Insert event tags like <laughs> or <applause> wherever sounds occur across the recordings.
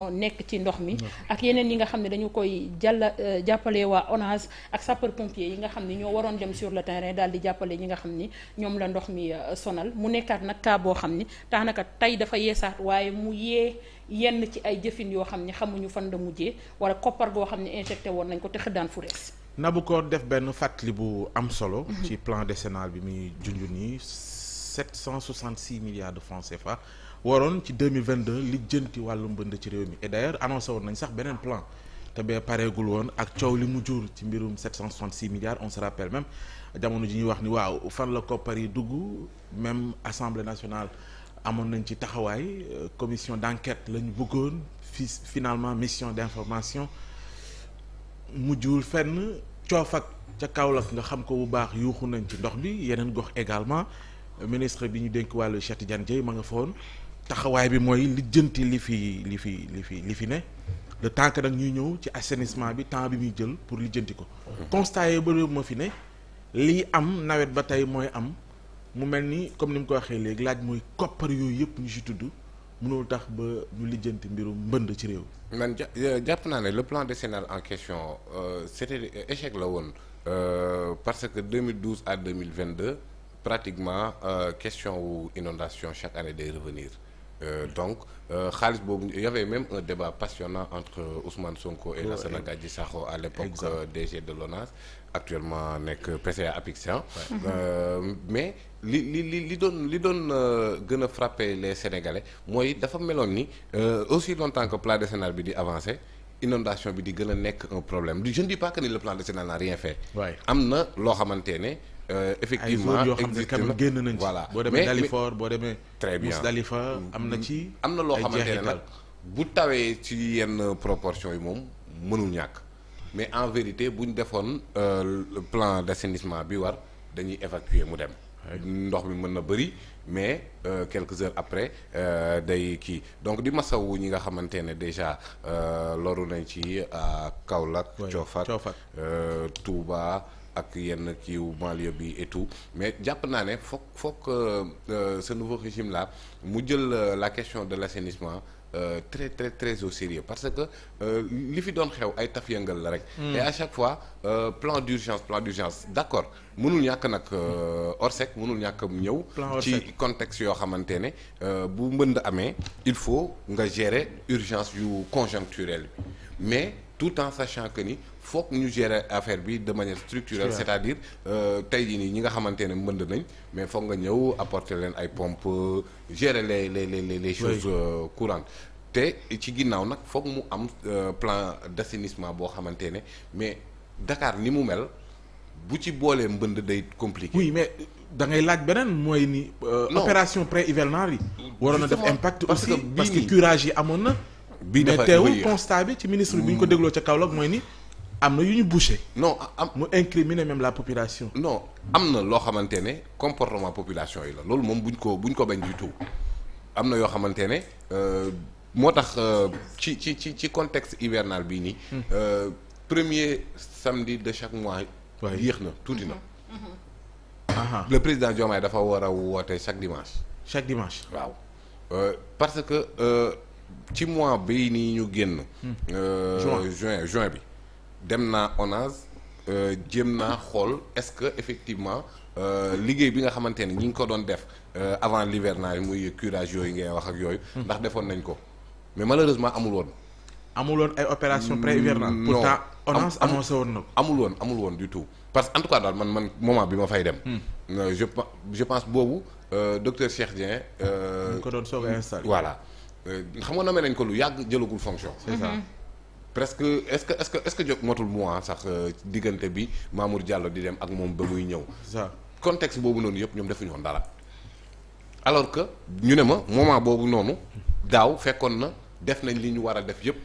nekk ci ndox mi ak yeneen yi nga xam ne dañu koy jàlla euh, jàppale waa ONAS ak sapeur pompier yi nga xam ni ñoo waroon dem sur le terrain daal di jàppale ñi nga xam ni ñoom la ndox mi euh, sonal mu nekkaat nag kaa boo xam ni tax naka tey dafa yeesaat waaye mu yee yenn ci ay jëfin yoo xam ni xamuñu fan la mujjee wala koppar goo xam ne injecté woon nañ ko te xëddaan fu rees na bu ko def benn fàttali bu am solo mhm. ci plan décennal bi muy junju nii 766 milliards de francs CFA waroon ci 2022 lijjanti wàllu mbënd ci réew mi et d'ailleurs annoncé woon nañ sax beneen plan te bee pareegul woon ak coow li mu jur ci mbirum 766 milliards on se rappelle même jamono ji ñuy wax ni waaw fan la koppar yi dugg même assemblée nationale amoon nañ ci taxawaay euh, commission d'enquête la ñu bëggoon fii finalement mission d'information mujjul fenn coofak ca Kaolack nga xam ko bu baax yuuxu nañ ci ndox bi yeneen gox également ministre bi ñu dénk wàllu Cheikh Tidiane Dièye ma nga taxawaay bi mooy lijjanti li fi li fi li fi li fi ne le temps que nag ñuy ñëw ci assainissement bi temps bi muy jël pour li ko constat yi bëri ma fi ne lii am nawet ba tey mooy am mu mel ni comme ni mu ko waxee léegi laaj mooy koppar yooyu yëpp ñu ci tudd mënul tax ba ñu lijjanti mbiru mbënd ci réew man euh, jàpp naa ne le plan décennal en question euh, c'était euh, échec la woon parce que 2012 à 2022 pratiquement question wu inondation chaque année day revenir Euh, donc xaalis euh, boobu il y même un débat passionnant entre euh, Ousmane Sonko et Lassana Gadji Sakho à l'époque euh, DG de l'ONAS actuellement nekk PCA Apixan ouais. Euh, mais li li li li doon li doon euh, gën a frappé les Sénégalais mooy dafa meloon ni aussi longtemps que plan décennal bi di avancé inondation bi di gën a nekk un problème je ne dis pas que ni le plan décennal n'a rien fait am na loo xamante ne Euh, effectivement ay yoo xam ne quand même nañ voilà boo demee Dalifort boo demee. très bien Mousdalifa mm. am na ci. Mm. am na loo xamante ne nag bu tawee ci yenn proportion yi moom mënul ñàkk mais en vérité bu ñu defoon euh, plan d'assainissement bi war dañuy évacuer mu dem. ndox mi mën na bëri mais euh, quelques heures après euh, day kii donc di masawu ñi nga xamante ne déjà euh, loru nañ ci Kaolack. Cofak Touba. ak yenn kiiw banlieue bi et tout mais jàpp naa ne foog foog euh, euh, ce nouveau régime là mu jël euh, la question de l'assainissement Euh, très très très au sérieux parce que li fi doon xew ay taf yëngal la rek. Hmm. et à chaque fois euh, plan d'urgence plan d'urgence d'accord mënul ñàkk nag Orsec mënul ñàkk ñëw. ci contexte yoo xamante ne bu mbënd amee il faut nga gérer urgence yu conjoncturelle bi mais. tout en sachant que ni foog ñu gérer affaire bi de manière structurelle c'est-à-dire euh, tey jii nii ñi nga xamante ne mbënd nañ mais foog nga ñëw apporter leen ay pompes gérer les les les les choses euh, courantes te ci ginnaaw nag foog mu am euh, plan d'assainissement boo xamante ne mais Dakar ni mu mel bu ci boolee mbënd day compliqué. oui mais da ngay laaj beneen mooy ni. opération pré hivernage yi. waroon na def impact aussi parce que curage yi amoon na. bii ne mais teewul constat bi ci ministre bi ñu ko dégloo ca Kaolack mooy ni am na yu ñu bouché. no am mu même la population. non am na loo xamante ne comportement population yi la loolu moom buñ ko buñ ko bañ du tout am na yoo xamante ne euh, moo tax euh, ci ci ci ci contexte hivernal bii nii. Hmm. Euh, premier samedi de chaque mois. yéex na tuuti na. Mm-hmm. Mm-hmm. le président Diomaye dafa war a woote chaque dimanche. chaque dimanche waaw. parce que. ci mois bii nii ñu génn. Hmm. Euh, juin juin bi dem na ONAS euh, jéem naa xool est-ce que effectivement euh, liggéey bi nga xamante ne ñu ngi ko doon def avant l'hivernage muy curage yooyu ngay wax ak yooyu. Hmm. ndax defoon nañ ko mais malheureusement amul woon. amul woon ay opération mm, pré-hivernale. non pourtant ONAS amul woon amul woon du tout parce que en tout cas daal man man moment bi ma fay dem. Hmm. je je pense boobu docteur Cheikh Dieng. ñu ko voilà. Euh, xam nga namee nañ ko lu yàgg jëlagul fonction. c'est ça mm-hmm. presque est-ce que est-ce que est-ce que jot motul mois sax euh, diggante bi Mamour Diallo di dem ak moom ba muy ñëw. contexte boobu noonu yëpp ñoom defuñu dara. alors que ñu ne ma moment boobu noonu daaw fekkoon na def nañ li ñu war a def yëpp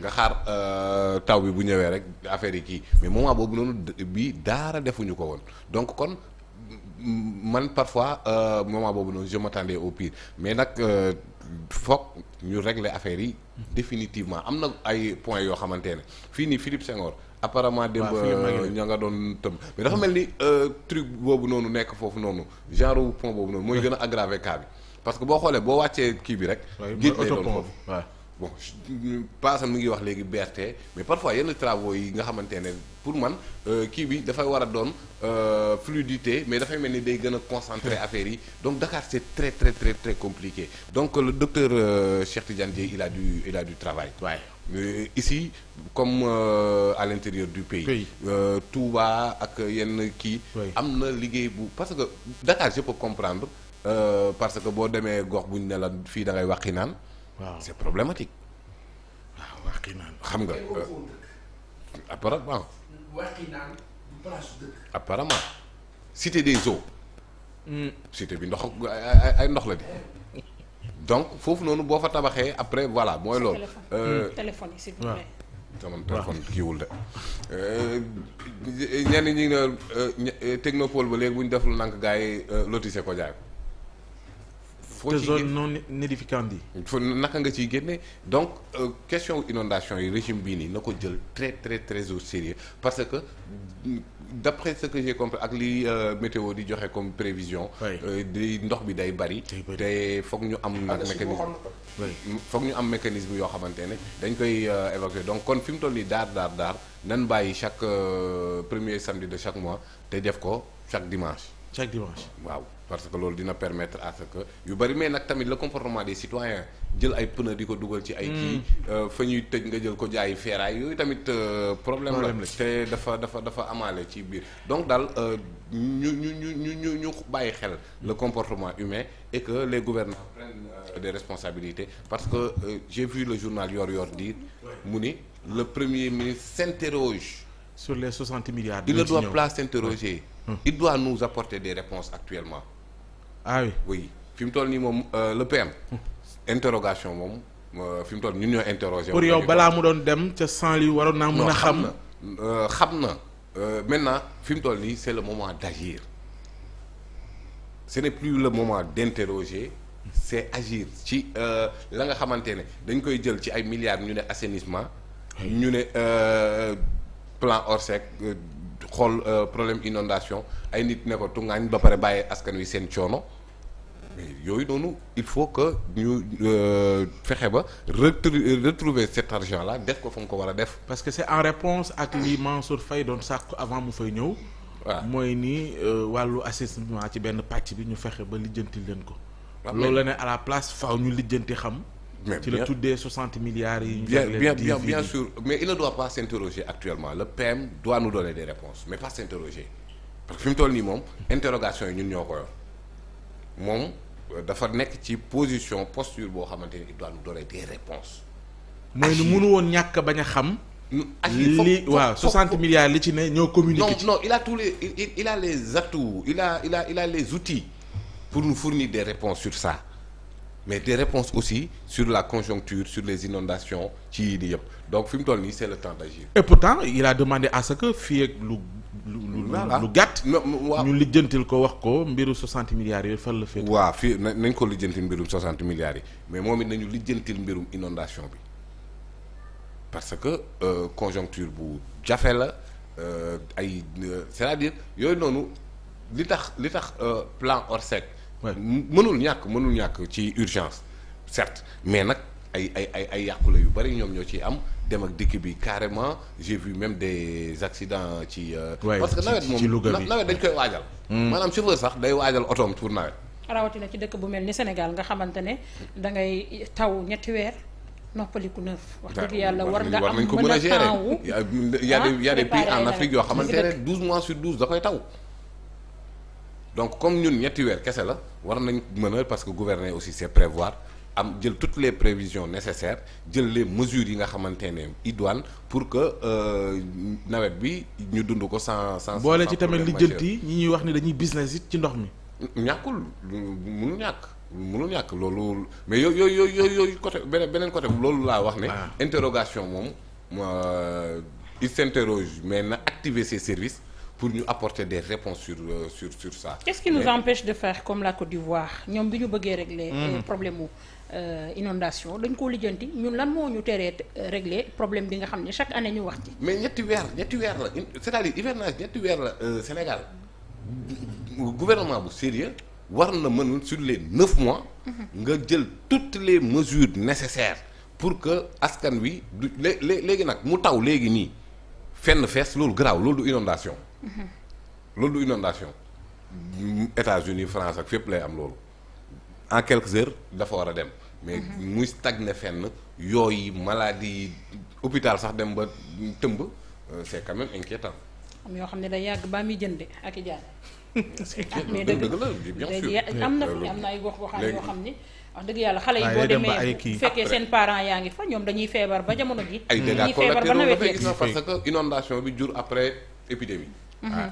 nga xaar euh, taw bi bu ñëwee rek affaire yi kii mais moment boobu noonu bi daara defuñu ko woon donc kon man parfois euh, moment boobu noonu je m'attendais au pire mais nag euh, foog ñu régler affaire yi définitivement am na ay points yoo xamante ne fii nii Philippe Senghor apparemment démb euh, ña nga doon tëm mais dafa mel ni euh, truc boobu noonu nekk foofu noonu genre point boobu noonu mooy gën a aggraver cas bi parce que boo xoolee boo wàccee kii bi rek géej lay doon foofu bon paasam mu ngi wax léegi BRT mais parfois yenn travaux yi nga xamante ne pour man euh, kii bi dafay war a doon euh, fluidité mais dafay mel ni day gën a concentrer affaire yi donc Dakar c'est très très très très compliqué donc euh, le docteur Cheikh Tidiane Dièye il a du il du travail. waaye ouais. ici comme euh, à l'intérieur du pays. pays euh, Touba ak yenn kii. am na liggéey bu parce que Dakar je comprendre euh, parce que boo demee gox bu ñu ne la fii da ngay waxi naan. waaw c'est problématique. Ah, waaw xam nga. Euh, apparemment. waxi apparemment cité des eaux. Hmm. cité bi ndox ay ndox la di. donc foofu noonu boo fa tabaxee après voilà mooy loolu. Euh, hmm. téléphone yi s'il vous plaît. Euh, ñenn ñi ne technopole ba léegi bu ñu deful nank gars yi lotissé ko jaay foo ciy zone non aedificandi yi. fa naka nga ciy génne donc euh, question inondation yi régime bii nii na ko jël très très très au sérieux parce que d'après sa que j'ai compris ak li euh, météo di joxe comme prévision. Euh, di ndox bi day bari. te foog ñu am nag ah, mécanisme foog ñu am mécanisme yoo xamante ne dañ koy évacuer donc kon fi mu toll nii daar daar daar nan bàyyi chaque premier samedi de chaque mois te def ko chaque dimanche. chaque dimanche waaw. parce que loolu dina permettre à ce que yu bëri mais nag tamit le comportement des citoyens jël ay pneu di ko dugal ci ay kii hmm. euh, fa ñuy tëj nga jël ko jaayi feeraay yooyu tamit euh, problème la te dafa dafa dafa amaale ci biir donc daal euh, ñu ñu ñu ñu ñu ñu bàyyi xel le comportement humain et que les gouvernants des responsabilités parce que j'ai vu le journal Yor Yor dire mu ni le premier ministre s'interroge sur les 60 milliards il ne doit pas s'interroger il doit nous apporter des réponses actuellement ah oui oui fi mu toll nii moom euh, le PM. interrogation moom euh, fi mu toll ñu ñoo interrogé. pour yow balaa mu doon dem ca sans li waroon naa mën a. xam na euh, xam na maintenant fi mu toll nii c'est le moment d'agir ce n'est plus le moment d'interroger. c'est agir ci la nga xamante ne dañ koy jël ci ay milliards ñu ne assainissement. ñu ne plan Orsec. xool euh, problème inondation ay nit ne ko tungaañ ba pare bàyyee askan wi seen coono yooyu noonu il faut que ñu euh, fexe ba retrouver cet argent là def ko fa mu ko war a def parce que c'est en réponse ak li Mansour Faye doon sàkku avant mu fay ñëw waaw mooy nii euh, wàllu assainissement ci benn pàcc bi ñu fexe ba lijjanti leen ko loolu la ne à la place faaw ñu lijjanti xam mais ci la tuddee soixante milliards yi. bien bien bien bien sûr mais il ne doit pas s'interroger actuellement le PM doit nous donner des réponses mais pas s'interroger parce que fi mu toll nii moom interrogation yi ñun ñoo ko yor moom euh, dafa nekk ci position posture boo xamante ni il doit nous donner des réponses mooy nu mënu woon ñàkk bañ a xam. li waaw 60 milliards li ci ne ñoo communiqué. no non il a tous les il, il a les atouts il a il a les outils pour nous fournir des réponses sur ça. mais des réponses aussi sur la conjoncture sur les inondations ci yii nii yëpp donc fi mu toll nii c'est le temps d'agir et i il a demandé à ce que fii ak lu lu lu gàtt ñu lijjantil ko wax ko mbiru 60 milliards yi fan la féet waaw fii nañ ko lijjantil mbirum 60 milliards yi mais moom it nañu lijjantil mbirum inondation bi parce que euh, conjoncture bu jafe la euh, ay euh, c'est-à-dire yooyu noonu li tax li tax euh, plan Orsec mënul ñàkk mënul ñàkk ci urgence certes mais nag ay ay ay ay yàqule yu bari ñoom ñoo ciy am dem ak dikk bi carrément j'ai vu même des accidents ci. Euh, parce que nawet moom nawet dañ koy waajal. Hmm. maanaam chauffeur sax day waajal otoom pour nawet. rawatina ci dëkk bu mel ni Sénégal nga xamante ne da ngay taw ñetti weer. noppaliku neuf wax dëgg yàlla war nga am mën a temps wu y a ah, des pays en Afrique yoo xamante ne douze mois sur douze da koy taw. donc comme ñun ñetti weer kese la war nañ mën a parce que gouverner aussi c'est prévoir am jël toutes les prévisions nécessaires jël les mesures yi nga xamante ne idoines pour que euh, nawet bi ñu dund ko sans sans. boole ci tamit li jënt yi ñi ñuy wax ni dañuy business it ci ndox mi. ñàkkul munu ñàkk. mënul ñàkk loolu mais yooyu yooyu yooyu yooyu côté beneen beneen côté loolu laa wax ne. Ah. interrogation moom euh, il s'interroge mais na activer ses services. pour ñu apporter des réponses sur euh, sur sur ça. qu'est-ce qui nous Mais... empêche de faire comme la Côte d'Ivoire ñoom bi ñu bëggee régler. Mm. Euh, problème mu euh, inondation dañ koo lijjanti ñun lan moo ñu teree régler problème bi nga xam ne chaque année ñu wax ci. mais ñetti weer ñetti weer la c'est-à-dire hivernage ñetti weer la Sénégal gouvernement bu sérieux war na mën su leen neuf mois. Mm-hmm. nga jël toutes les mesures nécessaires pour que askan wi du léegi nag mu taw léegi nii fenn fees loolu garaaw loolu du inondation loolu du inondation États-Unis France ak fépp lay am loolu en quelques heures dafa war a dem mais muy na fenn yooyu maladie yi hôpital sax dem ba tëmb euh, c'est quand même inquiétant am yoo xam ne day yàgg ba muy jënde ak i jaar <laughs> mais dëgg la bien sûr am na fi euh, am na ay gox goxaan yoo xam ne wax dëgg yàlla xale yi boo demee bu fekkee seen parents yaa ngi fa ñoom dañuy feebar ba jamono ji ay dégâts collatéraux dafay gis na parce que inondation bi jur après épidémie Mm-hmm. ah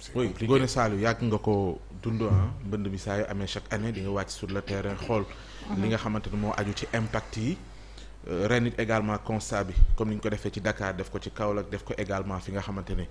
c'est compliqué Ngoné Saliou yàgg nga ko dund ah mbënd bi saa amee chaque année di nga wàcc sur le terrain xool. Mm-hmm. li nga xamante ne moo aju ci impact yi. Euh, ren it également constat bi comme ni ñu ko defee ci Dakar def ko ci Kaolack def ko également fi nga xamante ne.